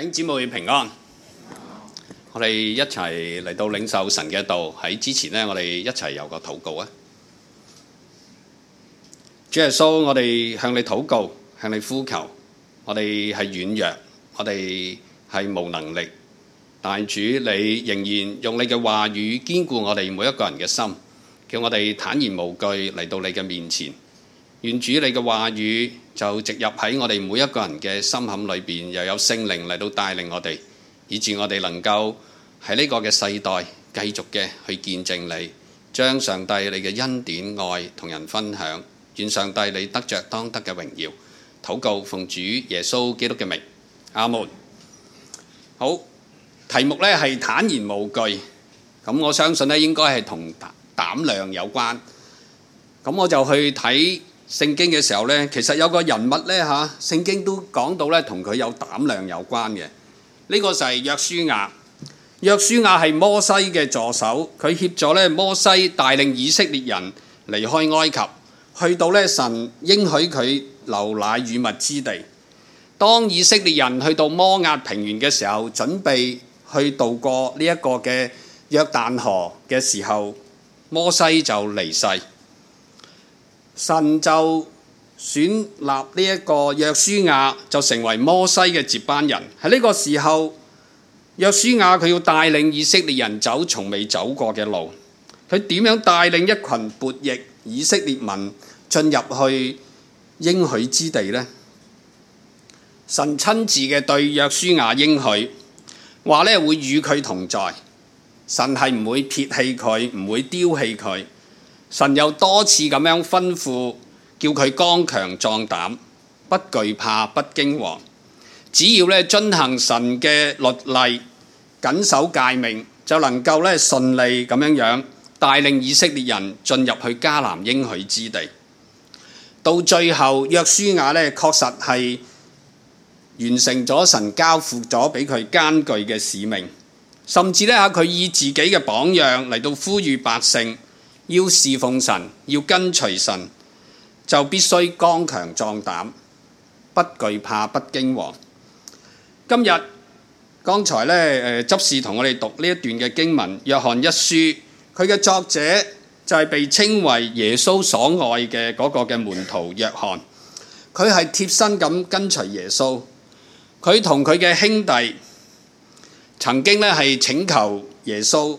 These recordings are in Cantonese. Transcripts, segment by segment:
弟兄姊妹平安，我哋一齊嚟到領受神嘅道。喺之前呢，我哋一齊有個禱告啊！主耶穌，我哋向你禱告，向你呼求。我哋係軟弱，我哋係無能力，但主你仍然用你嘅話語堅固我哋每一個人嘅心，叫我哋坦然無懼嚟到你嘅面前。願主你嘅話語就植入喺我哋每一個人嘅心坎裏邊，又有聖靈嚟到帶領我哋，以致我哋能夠喺呢個嘅世代繼續嘅去見證你，將上帝你嘅恩典愛同人分享。願上帝你得着當得嘅榮耀。禱告奉主耶穌基督嘅名，阿門。好，題目呢係坦然無懼，咁我相信呢應該係同膽量有關。咁我就去睇聖經嘅時候呢，其實有個人物呢。嚇、啊，聖經都講到呢，同佢有膽量有關嘅。呢、這個就係約書亞，約書亞係摩西嘅助手，佢協助呢摩西帶領以色列人離開埃及，去到呢神應許佢流奶與蜜之地。當以色列人去到摩亞平原嘅時候，準備去渡過呢一個嘅約旦河嘅時候，摩西就離世。神就選立呢一個約書亞就成為摩西嘅接班人。喺呢個時候，約書亞佢要帶領以色列人走從未走過嘅路，佢點樣帶領一群悖逆以色列民進入去應許之地呢？神親自嘅對約書亞應許，話呢會與佢同在，神係唔會撇棄佢，唔會丟棄佢。神又多次咁樣吩咐，叫佢剛強壯膽，不懼怕不驚惶，只要咧遵行神嘅律例，謹守戒命，就能夠咧順利咁樣樣帶領以色列人進入去迦南應許之地。到最後，約書亞咧確實係完成咗神交付咗俾佢艱巨嘅使命，甚至呢，啊，佢以自己嘅榜樣嚟到呼籲百姓。要侍奉神，要跟隨神，就必須剛強壯膽，不懼怕，不驚惶。今日剛才咧，呃、執事同我哋讀呢一段嘅經文《約翰一書》，佢嘅作者就係被稱為耶穌所愛嘅嗰個嘅門徒約翰，佢係貼身咁跟隨耶穌，佢同佢嘅兄弟曾經咧係請求耶穌。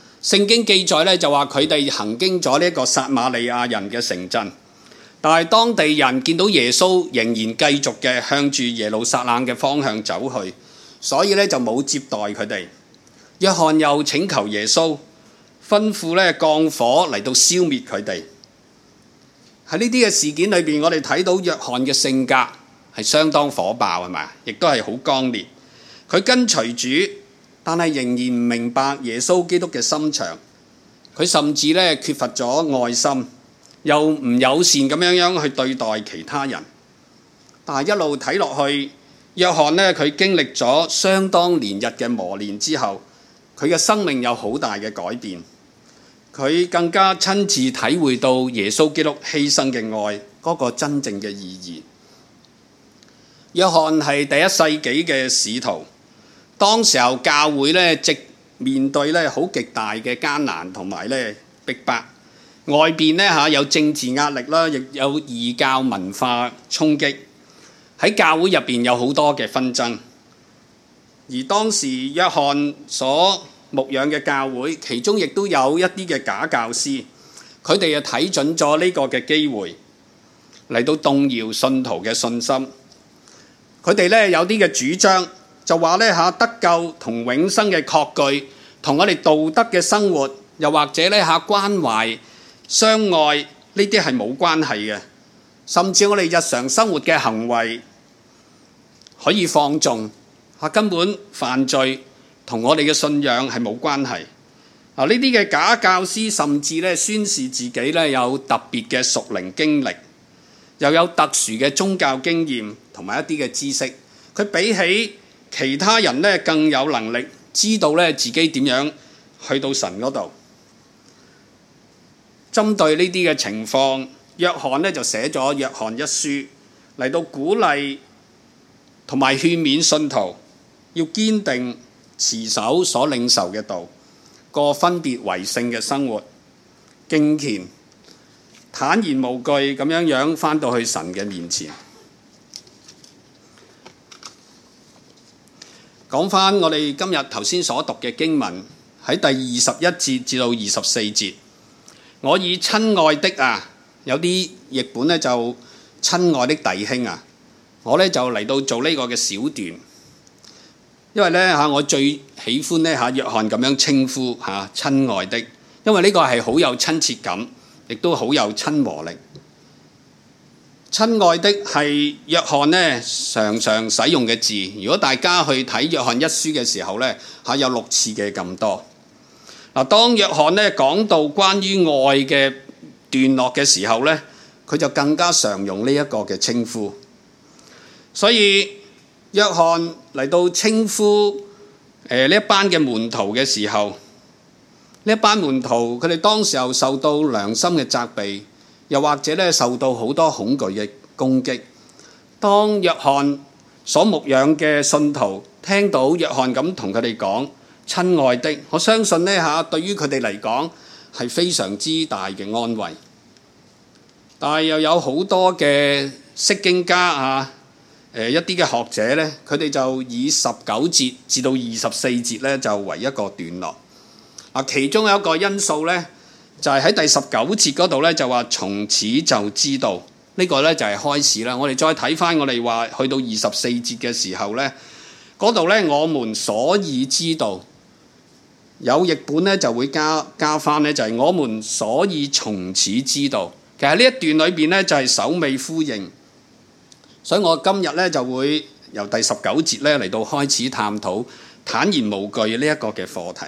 聖經記載咧就話佢哋行經咗呢一個撒瑪利亞人嘅城鎮，但係當地人見到耶穌仍然繼續嘅向住耶路撒冷嘅方向走去，所以咧就冇接待佢哋。約翰又請求耶穌吩咐咧降火嚟到消滅佢哋。喺呢啲嘅事件裏邊，我哋睇到約翰嘅性格係相當火爆，係嘛，亦都係好剛烈。佢跟隨主。但係仍然唔明白耶穌基督嘅心腸，佢甚至呢缺乏咗愛心，又唔友善咁樣樣去對待其他人。但係一路睇落去，約翰呢，佢經歷咗相當連日嘅磨練之後，佢嘅生命有好大嘅改變，佢更加親自體會到耶穌基督犧牲嘅愛嗰個真正嘅意義。約翰係第一世紀嘅使徒。當時候教會呢，直面對呢好極大嘅艱難同埋呢逼迫，外邊呢嚇有政治壓力啦，亦有異教文化衝擊。喺教會入邊有好多嘅紛爭，而當時約翰所牧養嘅教會，其中亦都有一啲嘅假教師，佢哋又睇準咗呢個嘅機會嚟到動搖信徒嘅信心。佢哋呢有啲嘅主張。就話呢吓得救同永生嘅確據，同我哋道德嘅生活，又或者呢吓關懷、相愛呢啲係冇關係嘅。甚至我哋日常生活嘅行為可以放縱吓，根本犯罪同我哋嘅信仰係冇關係啊。呢啲嘅假教師甚至呢宣示自己呢有特別嘅屬靈經歷，又有特殊嘅宗教經驗同埋一啲嘅知識，佢比起其他人呢更有能力知道呢自己點樣去到神嗰度，針對呢啲嘅情況，約翰呢就寫咗《約翰一書》，嚟到鼓勵同埋勸勉信徒要堅定持守所領受嘅道，過分別為聖嘅生活，敬虔坦然無懼咁樣樣返到去神嘅面前。講返我哋今日頭先所讀嘅經文，喺第二十一節至到二十四節。我以親愛的啊，有啲譯本呢就親愛的弟兄啊，我呢就嚟到做呢個嘅小段，因為呢，嚇我最喜歡呢，嚇約翰咁樣稱呼嚇啊，親愛的，因為呢個係好有親切感，亦都好有親和力。親愛的係約翰咧，常常使用嘅字。如果大家去睇約翰一書嘅時候咧，下有六次嘅咁多。嗱，當約翰咧講到關於愛嘅段落嘅時候咧，佢就更加常用呢一個嘅稱呼。所以約翰嚟到稱呼誒呢一班嘅門徒嘅時候，呢一班門徒佢哋當時候受到良心嘅責備。又或者呢受到好多恐懼嘅攻擊。當約翰所牧養嘅信徒聽到約翰咁同佢哋講親愛的，我相信呢嚇，對於佢哋嚟講係非常之大嘅安慰。但係又有好多嘅釋經家嚇，誒一啲嘅學者呢，佢哋就以十九節至到二十四節呢就為一個段落。啊，其中有一個因素呢。就係喺第十九節嗰度呢，就話從此就知道呢個呢，就係開始啦。我哋再睇返，我哋話去到二十四節嘅時候呢，嗰度呢，我們所以知道有譯本呢，就會加加返呢，就係我們所以從此知道。其實呢一段裏邊呢，就係首尾呼應，所以我今日呢，就會由第十九節呢嚟到開始探討坦然無懼呢一個嘅課題。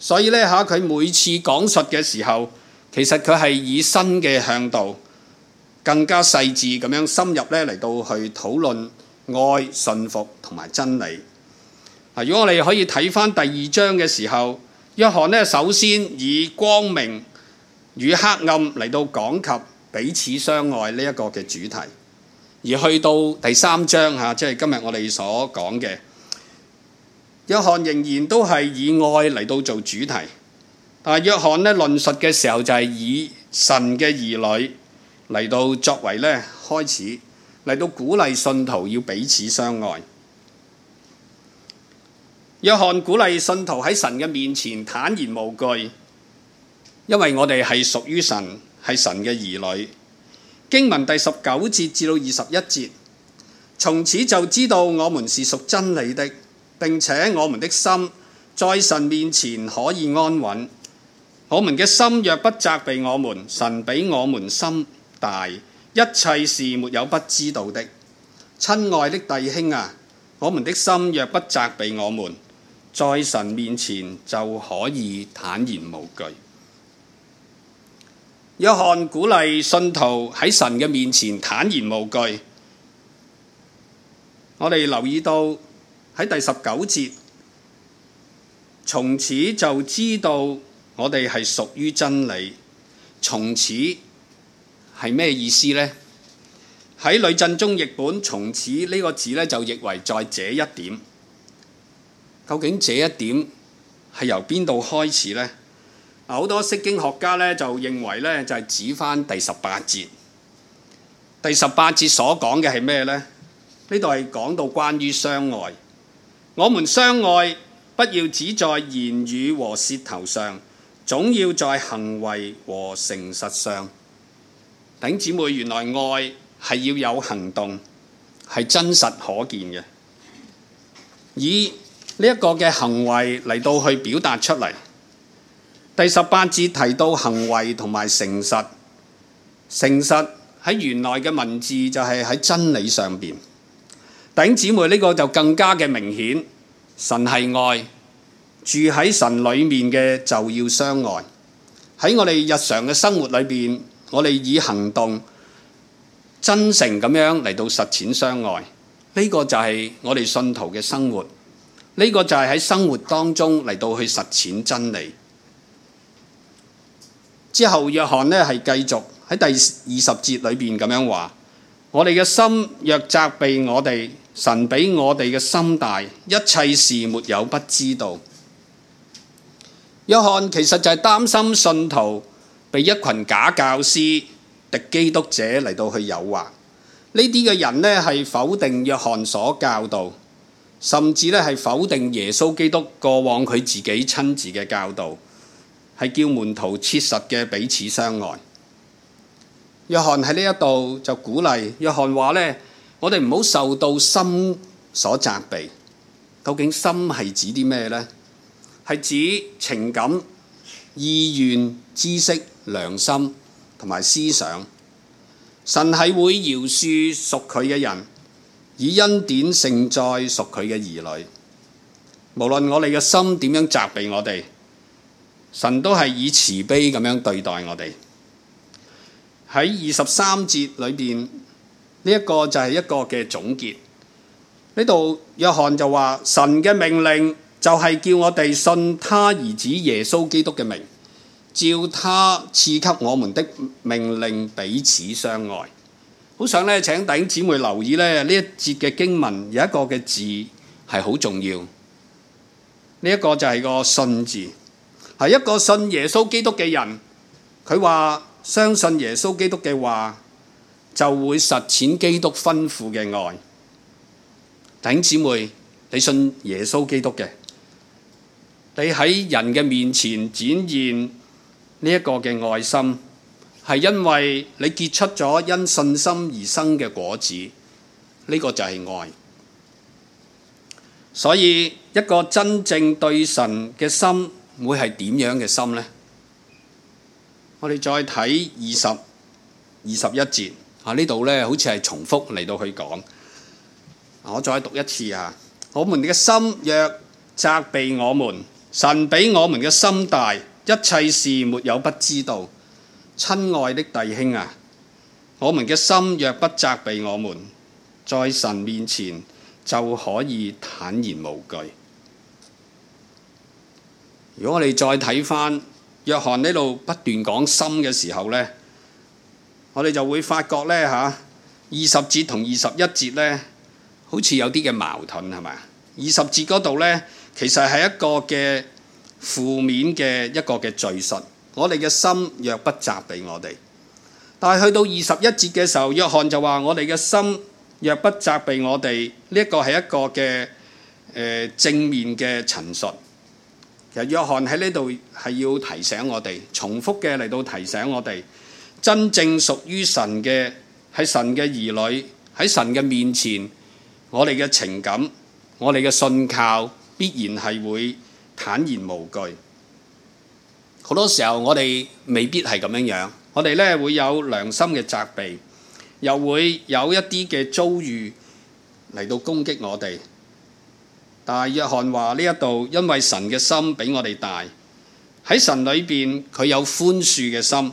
所以呢，吓，佢每次講述嘅時候，其實佢係以新嘅向度，更加細緻咁樣深入咧嚟到去討論愛、信服、同埋真理。啊，如果我哋可以睇翻第二章嘅時候，約翰咧首先以光明與黑暗嚟到講及彼此相愛呢一個嘅主題，而去到第三章吓，即係今日我哋所講嘅。約翰仍然都係以愛嚟到做主題，但係約翰呢論述嘅時候就係以神嘅兒女嚟到作為呢開始，嚟到鼓勵信徒要彼此相愛。約翰鼓勵信徒喺神嘅面前坦然無懼，因為我哋係屬於神，係神嘅兒女。經文第十九節至到二十一節，從此就知道我們是屬真理的。並且我們的心在神面前可以安穩。我們嘅心若不責備我們，神比我們心大，一切事沒有不知道的。親愛的弟兄啊，我們的心若不責備我們，在神面前就可以坦然無懼。約翰鼓勵信徒喺神嘅面前坦然無懼。我哋留意到。喺第十九節，從此就知道我哋係屬於真理。從此係咩意思呢？喺《女真中譯本》從此呢個字呢，就譯為在這一點。究竟這一點係由邊度開始呢？好多釋經學家呢，就認為呢，就係指翻第十八節。第十八節所講嘅係咩呢？呢度係講到關於傷害。我們相愛，不要只在言語和舌頭上，總要在行為和誠實上。弟兄姊妹，原來愛係要有行動，係真實可見嘅，以呢一個嘅行為嚟到去表達出嚟。第十八節提到行為同埋誠實，誠實喺原來嘅文字就係喺真理上邊。頂姊妹呢個就更加嘅明顯，神係愛，住喺神裏面嘅就要相愛。喺我哋日常嘅生活裏邊，我哋以行動真誠咁樣嚟到實踐相愛。呢個就係我哋信徒嘅生活，呢個就係喺生活當中嚟到去實踐真理。之後約翰呢係繼續喺第二十節裏邊咁樣話：我哋嘅心若責備我哋。神比我哋嘅心大，一切事沒有不知道。約翰其實就係擔心信徒被一群假教師敵基督者嚟到去誘惑，呢啲嘅人呢，係否定約翰所教導，甚至呢，係否定耶穌基督過往佢自己親自嘅教導，係叫門徒切實嘅彼此相愛。約翰喺呢一度就鼓勵，約翰話呢。」我哋唔好受到心所責備。究竟心係指啲咩呢？係指情感、意願、知識、良心同埋思想。神係會饒恕屬佢嘅人，以恩典盛載屬佢嘅兒女。無論我哋嘅心點樣責備我哋，神都係以慈悲咁樣對待我哋。喺二十三節裏邊。呢一個就係一個嘅總結。呢度約翰就話神嘅命令就係叫我哋信他兒子耶穌基督嘅名，照他賜給我們的命令彼此相愛。好想咧，請弟兄姊妹留意咧呢一節嘅經文，有一個嘅字係好重要。呢一個就係個信字，係一個信耶穌基督嘅人，佢話相信耶穌基督嘅話。就會實踐基督吩咐嘅愛。弟兄姊妹，你信耶穌基督嘅，你喺人嘅面前展現呢一個嘅愛心，係因為你結出咗因信心而生嘅果子。呢個就係愛。所以一個真正對神嘅心，會係點樣嘅心呢？我哋再睇二十、二十一節。啊！呢度咧，好似係重複嚟，到去講。我再讀一次啊！我們嘅心若責備我們，神比我們嘅心大，一切事沒有不知道。親愛的弟兄啊，我們嘅心若不責備我們，在神面前就可以坦然無懼。如果我哋再睇翻約翰呢度不斷講心嘅時候咧。我哋就會發覺呢，嚇，二十節同二十一節呢，好似有啲嘅矛盾係咪？二十節嗰度呢，其實係一個嘅負面嘅一個嘅敘述，我哋嘅心若不責備我哋，但係去到二十一節嘅時候，約翰就話我哋嘅心若不責備我哋，呢、這個、一個係一個嘅誒正面嘅陳述。其實約翰喺呢度係要提醒我哋，重複嘅嚟到提醒我哋。真正屬於神嘅喺神嘅兒女，喺神嘅面前，我哋嘅情感，我哋嘅信靠必然係會坦然無懼。好多時候我哋未必係咁樣樣，我哋呢會有良心嘅責備，又會有一啲嘅遭遇嚟到攻擊我哋。但係約翰話呢一度，因為神嘅心比我哋大，喺神裏邊，佢有寬恕嘅心。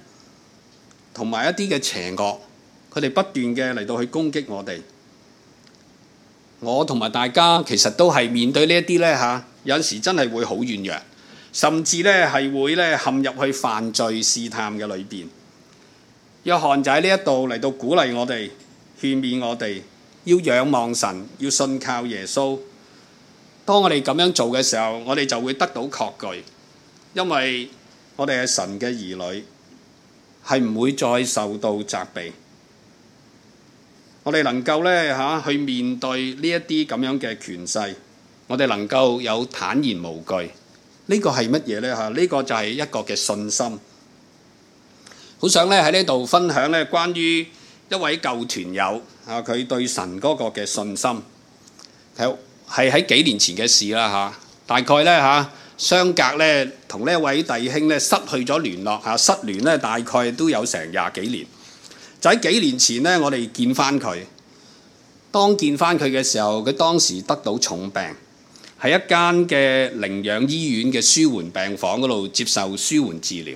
同埋一啲嘅邪惡，佢哋不斷嘅嚟到去攻擊我哋，我同埋大家其實都係面對呢一啲咧嚇，有陣時真係會好軟弱，甚至咧係會咧陷入去犯罪試探嘅裏邊。約翰就喺呢一度嚟到鼓勵我哋，勸勉我哋要仰望神，要信靠耶穌。當我哋咁樣做嘅時候，我哋就會得到確據，因為我哋係神嘅兒女。係唔會再受到責備，我哋能夠咧嚇、啊、去面對呢一啲咁樣嘅權勢，我哋能夠有坦然無懼，呢個係乜嘢呢？嚇、啊？呢、這個就係一個嘅信心。好想咧喺呢度分享咧關於一位舊團友啊，佢對神嗰個嘅信心，係喺幾年前嘅事啦嚇、啊，大概呢。嚇、啊。相隔呢，同呢位弟兄呢失去咗聯絡吓，失聯呢大概都有成廿幾年。就喺幾年前呢，我哋見翻佢。當見翻佢嘅時候，佢當時得到重病，喺一間嘅靈養醫院嘅舒緩病房嗰度接受舒緩治療。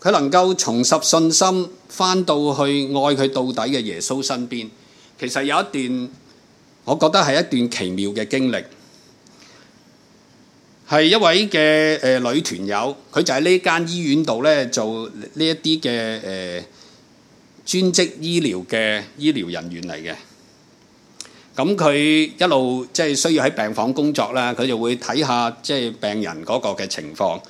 佢能夠重拾信心，返到去愛佢到底嘅耶穌身邊。其實有一段，我覺得係一段奇妙嘅經歷。係一位嘅誒女團友，佢就喺呢間醫院度咧做呢一啲嘅誒專職醫療嘅醫療人員嚟嘅。咁佢一路即係需要喺病房工作啦，佢就會睇下即係病人嗰個嘅情況。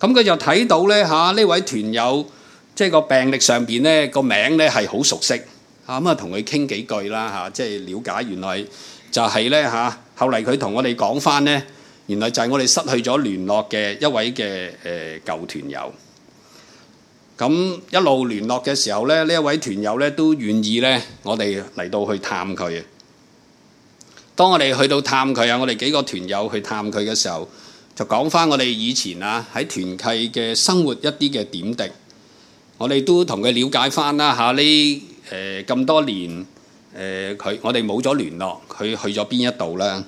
咁佢就睇到咧嚇呢位團友，即係個病歷上面咧個名咧係好熟悉嚇，咁啊同佢傾幾句啦嚇，即係了解原來就係咧嚇。後嚟佢同我哋講返咧。原來就係我哋失去咗聯絡嘅一位嘅誒舊團友，咁一路聯絡嘅時候呢，呢一位團友呢都願意呢，我哋嚟到去探佢。當我哋去到探佢啊，我哋幾個團友去探佢嘅時候，就講翻我哋以前啊喺團契嘅生活一啲嘅點滴，我哋都同佢了解翻啦吓呢誒咁多年誒佢、呃，我哋冇咗聯絡，佢去咗邊一度啦。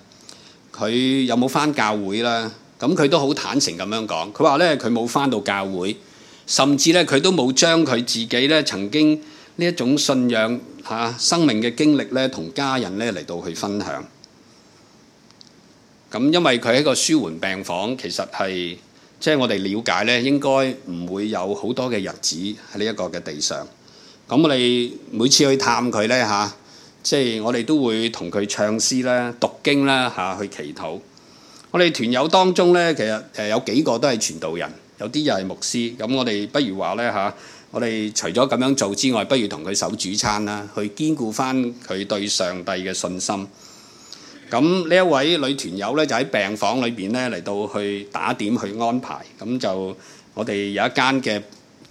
佢有冇返教會啦？咁佢都好坦誠咁樣講，佢話咧佢冇返到教會，甚至咧佢都冇將佢自己咧曾經呢一種信仰吓生命嘅經歷咧，同家人咧嚟到去分享。咁因為佢喺個舒緩病房，其實係即係我哋了解咧，應該唔會有好多嘅日子喺呢一個嘅地上。咁我哋每次去探佢咧吓。即係我哋都會同佢唱詩啦、讀經啦嚇，去祈禱。我哋團友當中咧，其實誒有幾個都係傳道人，有啲又係牧師。咁我哋不如話咧嚇，我哋除咗咁樣做之外，不如同佢守主餐啦，去堅固翻佢對上帝嘅信心。咁呢一位女團友咧，就喺病房裏邊咧嚟到去打點去安排。咁就我哋有一間嘅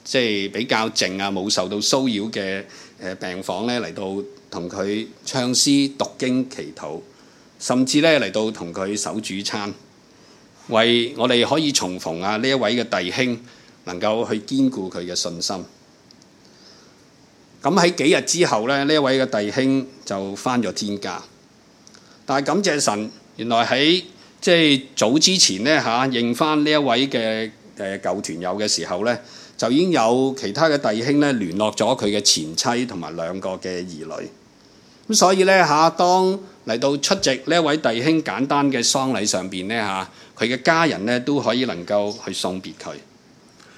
即係比較靜啊，冇受到騷擾嘅誒病房咧嚟到。同佢唱詩、讀經、祈禱，甚至咧嚟到同佢守主餐，為我哋可以重逢啊！呢一位嘅弟兄能夠去堅固佢嘅信心。咁喺幾日之後咧，呢一位嘅弟兄就返咗天家。但係感謝神，原來喺即係早之前呢，嚇、啊，認返呢一位嘅誒舊團友嘅時候呢，就已經有其他嘅弟兄咧聯絡咗佢嘅前妻同埋兩個嘅兒女。咁所以呢，嚇，當嚟到出席呢一位弟兄簡單嘅喪禮上邊呢，嚇，佢嘅家人呢都可以能夠去送別佢。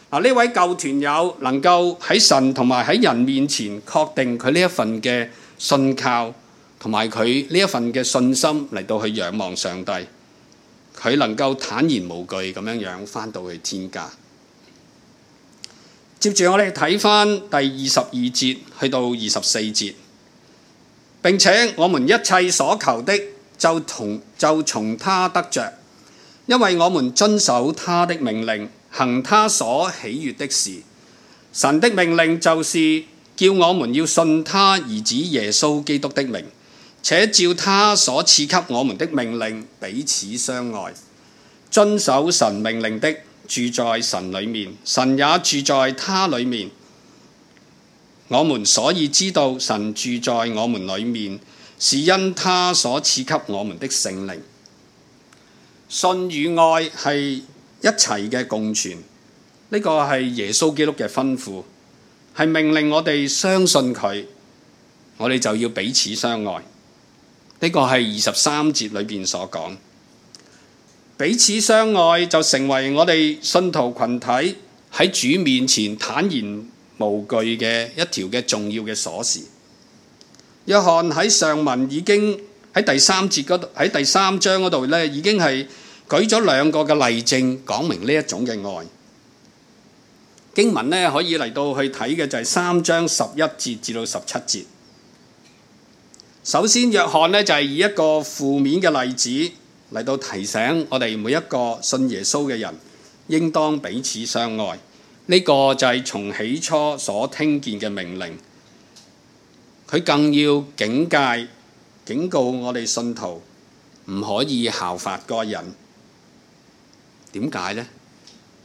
嗱，呢位舊團友能夠喺神同埋喺人面前確定佢呢一份嘅信靠同埋佢呢一份嘅信心嚟到去仰望上帝，佢能夠坦然無懼咁樣樣翻到去天家。接住我哋睇翻第二十二節去到二十四節。並且我們一切所求的，就同就從他得着，因為我們遵守他的命令，行他所喜悦的事。神的命令就是叫我們要信他兒子耶穌基督的名，且照他所賜給我們的命令彼此相愛，遵守神命令的住在神裏面，神也住在他裏面。我們所以知道神住在我們裏面，是因他所賜給我們的聖靈。信與愛係一齊嘅共存，呢、這個係耶穌基督嘅吩咐，係命令我哋相信佢，我哋就要彼此相愛。呢、這個係二十三節裏邊所講，彼此相愛就成為我哋信徒群體喺主面前坦然無懼嘅一條嘅重要嘅鎖匙。約翰喺上文已經喺第三節嗰度，喺第三章嗰度咧，已經係舉咗兩個嘅例證講明呢一種嘅愛。經文咧，可以嚟到去睇嘅就係三章十一節至到十七節。首先，約翰咧，就係以一個負面嘅例子嚟到提醒我哋每一個信耶穌嘅人，應當彼此相愛。呢個就係從起初所聽見嘅命令，佢更要警戒、警告我哋信徒唔可以效法該人。點解呢？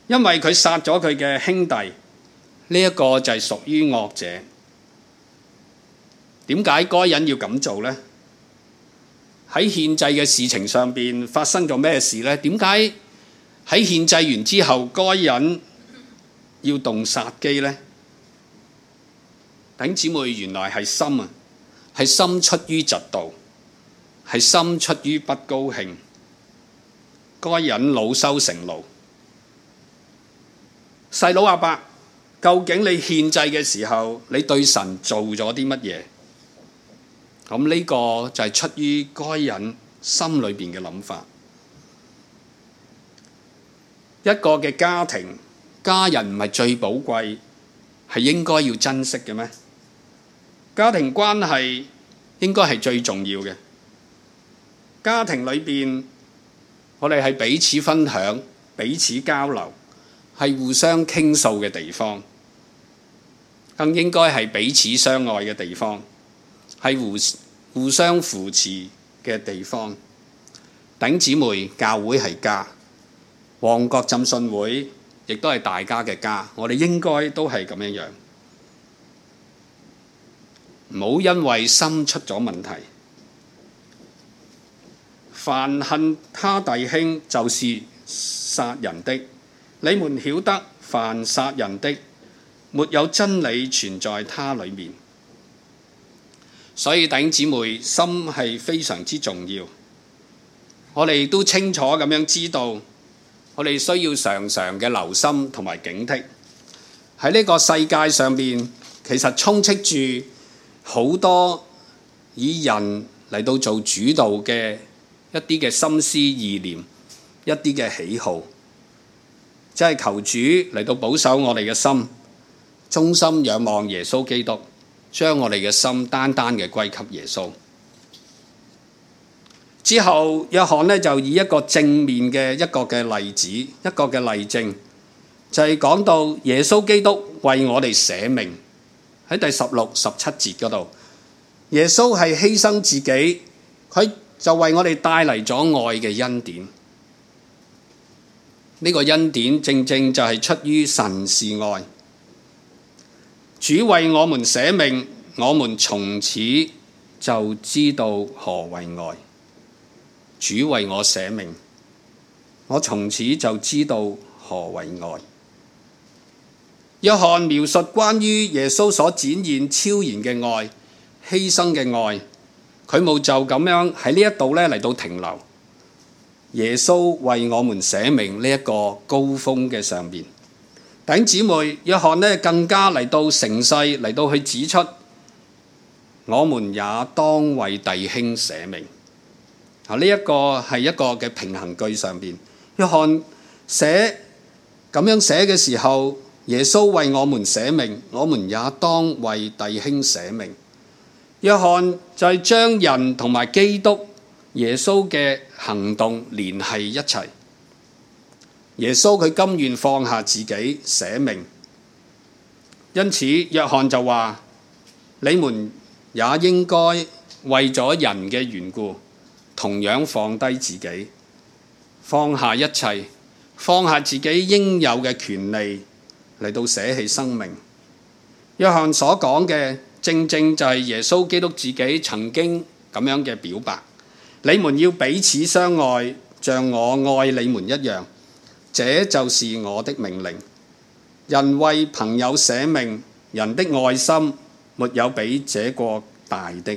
因為佢殺咗佢嘅兄弟，呢一個就係屬於惡者。點解該人要咁做呢？喺獻祭嘅事情上邊發生咗咩事呢？點解喺獻祭完之後，該人，要動殺機呢，頂姊妹原來係心啊，係心出於嫉妒，係心出於不高興。該隱惱羞成怒，細佬亞伯，究竟你獻祭嘅時候，你對神做咗啲乜嘢？咁呢個就係出於該隱心裏邊嘅諗法。一個嘅家庭。家人唔係最寶貴，係應該要珍惜嘅咩？家庭關係應該係最重要嘅。家庭裏邊，我哋係彼此分享、彼此交流，係互相傾訴嘅地方，更應該係彼此相愛嘅地方，係互互相扶持嘅地方。頂姊妹，教會係家，旺角浸信會，亦都係大家嘅家，我哋應該都係咁樣樣。唔好因為心出咗問題，凡恨他弟兄就是殺人的。你們曉得凡殺人的沒有真理存在他裡面，所以弟兄姊妹心係非常之重要。我哋都清楚咁樣知道。我哋需要常常嘅留心同埋警惕，喺呢個世界上邊，其實充斥住好多以人嚟到做主導嘅一啲嘅心思意念，一啲嘅喜好，即係求主嚟到保守我哋嘅心，衷心仰望耶穌基督，將我哋嘅心單單嘅歸給耶穌。之後，約翰呢就以一個正面嘅一個嘅例子，一個嘅例證，就係、是、講到耶穌基督為我哋捨命。喺第十六、十七節嗰度，耶穌係犧牲自己，佢就為我哋帶嚟咗愛嘅恩典。呢、這個恩典正正就係出於神是愛。主為我們捨命，我們從此就知道何為愛。主為我捨命，我從此就知道何為愛。約翰描述關於耶穌所展現超然嘅愛、犧牲嘅愛，佢冇就咁樣喺呢一度咧嚟到停留。耶穌為我們捨命呢一個高峰嘅上面，弟兄姊妹，約翰咧更加嚟到盛世嚟到去指出，我們也當為弟兄捨命。呢一個係一個嘅平衡句上邊。約翰寫咁樣寫嘅時候，耶穌為我們捨命，我們也當為弟兄捨命。約翰就係將人同埋基督耶穌嘅行動聯繫一齊。耶穌佢甘願放下自己捨命，因此約翰就話：你們也應該為咗人嘅緣故。同樣放低自己，放下一切，放下自己應有嘅權利嚟到捨棄生命。約翰所講嘅正正就係耶穌基督自己曾經咁樣嘅表白：你們要彼此相愛，像我愛你們一樣，這就是我的命令。人為朋友捨命，人的愛心沒有比這個大的。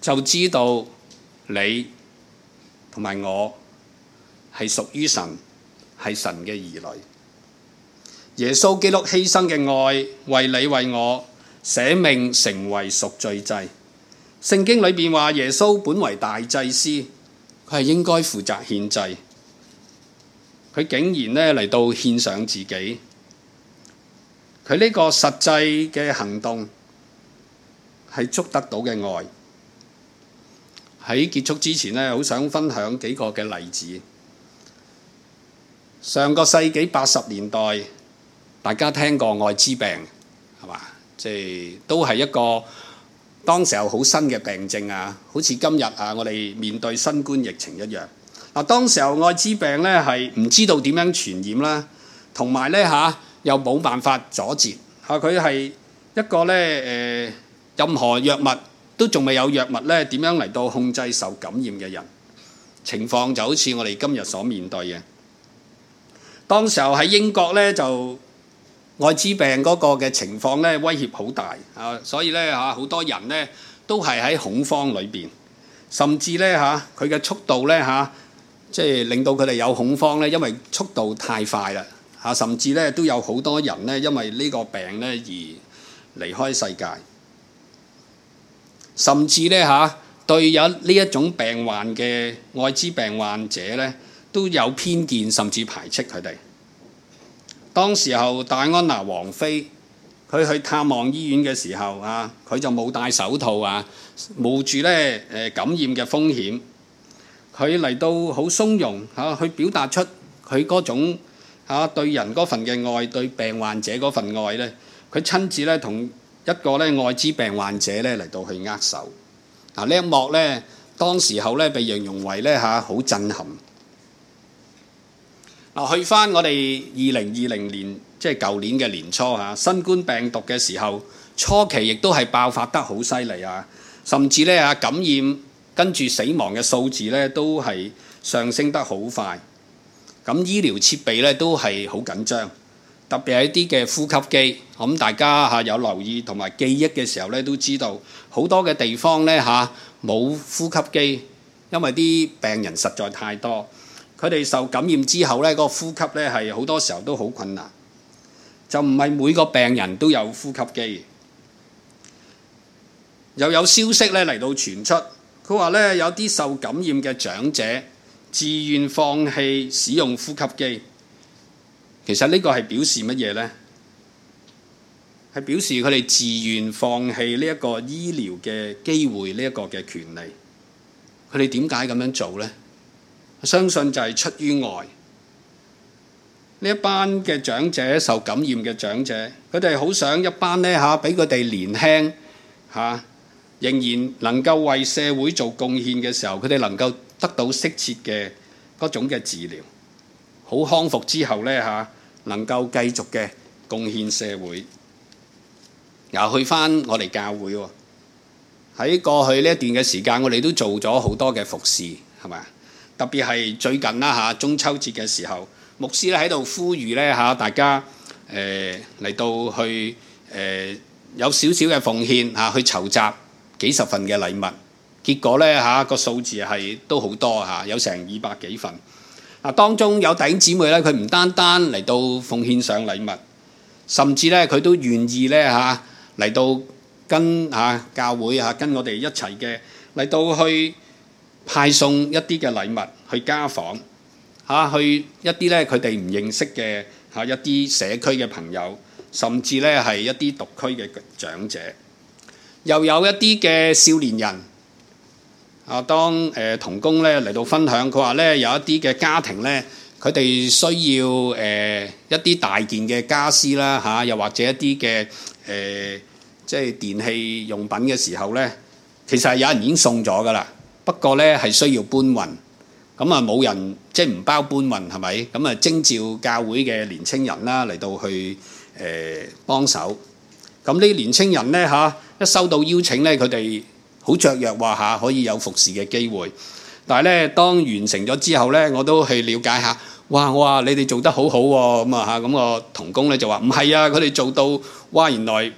就知道你同埋我係屬於神，係神嘅兒女。耶穌基督犧牲嘅愛，為你為我捨命，成為贖罪祭。聖經裏邊話，耶穌本為大祭司，佢係應該負責獻祭，佢竟然咧嚟，到獻上自己。佢呢個實際嘅行動係捉得到嘅愛。喺結束之前呢，好想分享幾個嘅例子。上個世紀八十年代，大家聽過愛滋病係嘛？即係都係一個當時候好新嘅病症啊，好似今日啊，我哋面對新冠疫情一樣。嗱，當時候愛滋病呢係唔知道點樣傳染啦，同埋呢嚇又冇辦法阻截嚇佢係一個呢誒任何藥物。都仲未有藥物咧，點樣嚟到控制受感染嘅人？情況就好似我哋今日所面對嘅。當時候喺英國咧，就愛滋病嗰個嘅情況咧，威脅好大啊！所以咧嚇，好多人咧都係喺恐慌裏邊，甚至咧嚇佢嘅速度咧嚇，即係令到佢哋有恐慌咧，因為速度太快啦嚇，甚至咧都有好多人咧因為呢個病咧而離開世界。甚至呢嚇對有呢一種病患嘅愛滋病患者呢都有偏見，甚至排斥佢哋。當時候戴安娜王妃佢去探望醫院嘅時候啊，佢就冇戴手套啊，冒住呢誒感染嘅風險。佢嚟到好從容嚇，去表達出佢嗰種嚇對人嗰份嘅愛，對病患者嗰份愛呢，佢親自呢同。一個呢，艾滋病患者呢，嚟到去握手，嗱呢一幕呢，當時候呢，被形容為呢，吓，好震撼。嗱，就是、去返我哋二零二零年即係舊年嘅年初吓新冠病毒嘅時候，初期亦都係爆發得好犀利啊，甚至呢，啊感染跟住死亡嘅數字呢，都係上升得好快，咁醫療設備呢，都係好緊張。特別係一啲嘅呼吸機，咁大家嚇有留意同埋記憶嘅時候呢，都知道好多嘅地方呢，嚇冇呼吸機，因為啲病人實在太多，佢哋受感染之後呢，個呼吸呢係好多時候都好困難，就唔係每個病人都有呼吸機。又有消息呢嚟到傳出，佢話呢，有啲受感染嘅長者，自願放棄使用呼吸機。其實呢個係表示乜嘢呢？係表示佢哋自願放棄呢一個醫療嘅機會，呢一個嘅權利。佢哋點解咁樣做呢？我相信就係出於愛。呢一班嘅長者受感染嘅長者，佢哋好想一班呢嚇，俾佢哋年輕嚇，啊，仍然能夠為社會做貢獻嘅時候，佢哋能夠得到適切嘅嗰種嘅治療。好康復之後咧嚇，能夠繼續嘅貢獻社會，又去返我哋教會喎。喺過去呢一段嘅時間，我哋都做咗好多嘅服侍，係咪啊？特別係最近啦嚇，中秋節嘅時候，牧師咧喺度呼籲咧嚇大家誒嚟到去誒有少少嘅奉獻嚇，去籌集幾十份嘅禮物。結果咧嚇，個數字係都好多嚇，有成二百幾份。啊，當中有弟兄姊妹咧，佢唔單單嚟到奉獻上禮物，甚至咧佢都願意咧嚇嚟到跟嚇教會嚇跟我哋一齊嘅嚟到去派送一啲嘅禮物去家訪嚇，去一啲咧佢哋唔認識嘅嚇一啲社區嘅朋友，甚至咧係一啲獨居嘅長者，又有一啲嘅少年人。啊，當誒同工咧嚟到分享，佢話咧有一啲嘅家庭咧，佢哋需要誒一啲大件嘅家俬啦，嚇，又或者一啲嘅誒，即係電器用品嘅時候咧，其實係有人已經送咗㗎喇，不過咧係需要搬運，咁啊冇人即係唔包搬運係咪？咁啊徵召教會嘅年青人啦嚟到去誒幫手，咁呢啲年青人咧嚇一收到邀請咧，佢哋。好雀躍話嚇、啊，可以有服侍嘅機會。但係咧，當完成咗之後咧，我都去了解下。哇！我話你哋做得好好、啊、喎，咁啊嚇，咁、啊嗰個童工咧就話唔係啊，佢哋做到哇，原來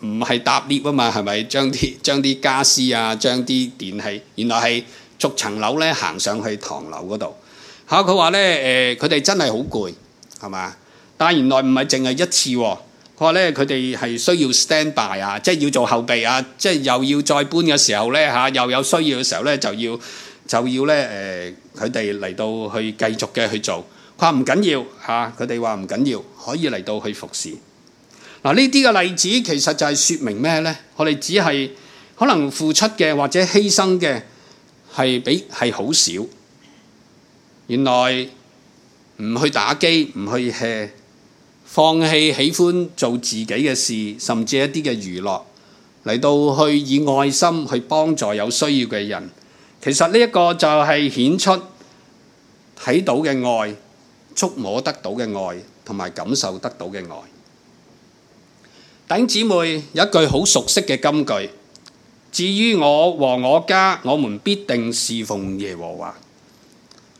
唔係搭 lift 啊嘛，係咪將啲將啲傢俬啊，將啲電器，原來係逐層樓咧行上去唐樓嗰度。嚇佢話咧，誒佢哋真係好攰，係嘛？但係原來唔係淨係一次喎、啊。佢話咧，佢哋係需要 standby 啊，即係要做後備啊，即係又要再搬嘅時候咧嚇，又有需要嘅時候咧，就要就要咧誒，佢哋嚟到去繼續嘅去做。佢話唔緊要嚇，佢哋話唔緊要，可以嚟到去服侍。嗱，呢啲嘅例子其實就係説明咩咧？我哋只係可能付出嘅或者犧牲嘅係比係好少。原來唔去打機，唔去 hea。放棄喜歡做自己嘅事，甚至一啲嘅娛樂，嚟到去以愛心去幫助有需要嘅人。其實呢一個就係顯出睇到嘅愛、觸摸得到嘅愛同埋感受得到嘅愛。弟兄姊妹，有一句好熟悉嘅金句：「至於我和我家，我們必定侍奉耶和華。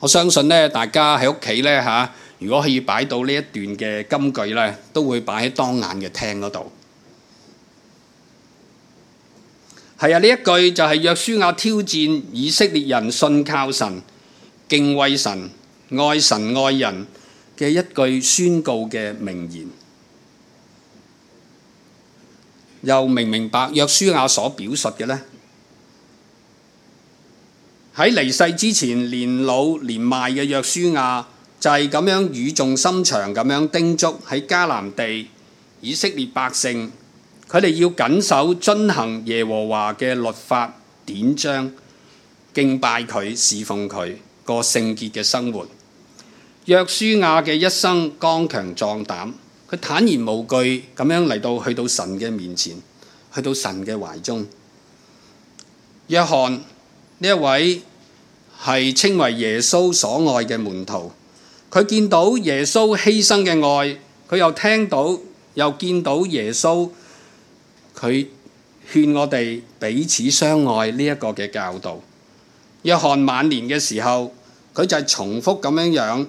我相信呢，大家喺屋企呢。」嚇。如果可以擺到呢一段嘅金句咧，都會擺喺當眼嘅廳嗰度。係啊，呢一句就係約書亞挑戰以色列人信靠神、敬畏神、愛神愛人嘅一句宣告嘅名言。又明唔明白約書亞所表述嘅咧，喺離世之前年老年邁嘅約書亞。就係咁樣語重心長咁樣叮囑喺迦南地以色列百姓，佢哋要謹守遵行耶和華嘅律法典章，敬拜佢，侍奉佢過聖潔嘅生活。約書亞嘅一生剛強壯膽，佢坦然無懼咁樣嚟到去到神嘅面前，去到神嘅懷中。約翰呢一位係稱為耶穌所愛嘅門徒。佢見到耶穌犧牲嘅愛，佢又聽到又見到耶穌，佢勸我哋彼此相愛呢一個嘅教導。約翰晚年嘅時候，佢就係重複咁樣樣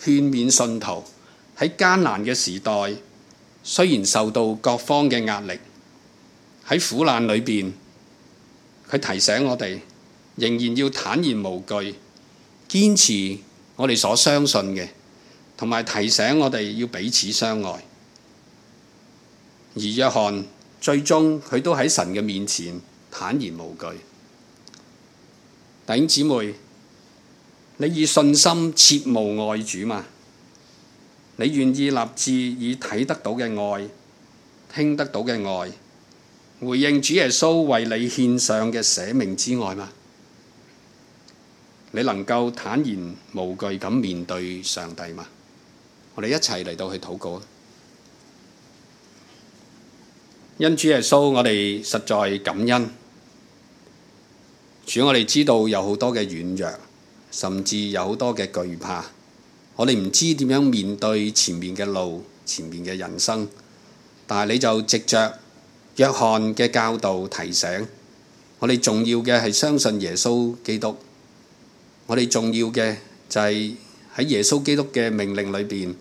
勸勉信徒喺艱難嘅時代，雖然受到各方嘅壓力，喺苦難裏面，佢提醒我哋仍然要坦然無懼，堅持我哋所相信嘅，同埋提醒我哋要彼此相愛。而約翰最終，佢都喺神嘅面前坦然無懼。弟兄姊妹，你以信心切無愛主嘛？你願意立志以睇得到嘅愛、聽得到嘅愛，回應主耶穌為你獻上嘅捨命之愛嘛？你能夠坦然無懼咁面對上帝嗎？我哋一齊嚟到去禱告啊！因主耶穌，我哋實在感恩。主，我哋知道有好多嘅軟弱，甚至有好多嘅懼怕。我哋唔知點樣面對前面嘅路、前面嘅人生，但係你就藉着約翰嘅教導提醒我哋，重要嘅係相信耶穌基督。我哋重要嘅就係喺耶穌基督嘅命令裏邊，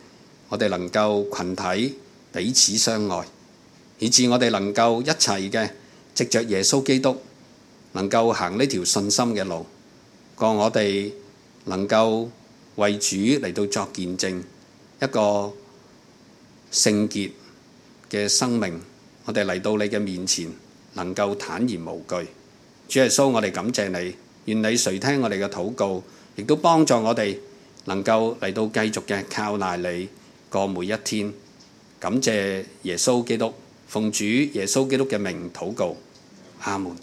我哋能夠群體彼此相愛，以至我哋能夠一齊嘅藉着耶穌基督能夠行呢條信心嘅路，令我哋能夠為主嚟到作見證一個聖潔嘅生命。我哋嚟到你嘅面前，能夠坦然無懼。主耶穌，我哋感謝你。願你垂聽我哋嘅禱告，亦都幫助我哋能夠嚟到繼續嘅靠賴你過每一天。感謝耶穌基督，奉主耶穌基督嘅名禱告，阿門。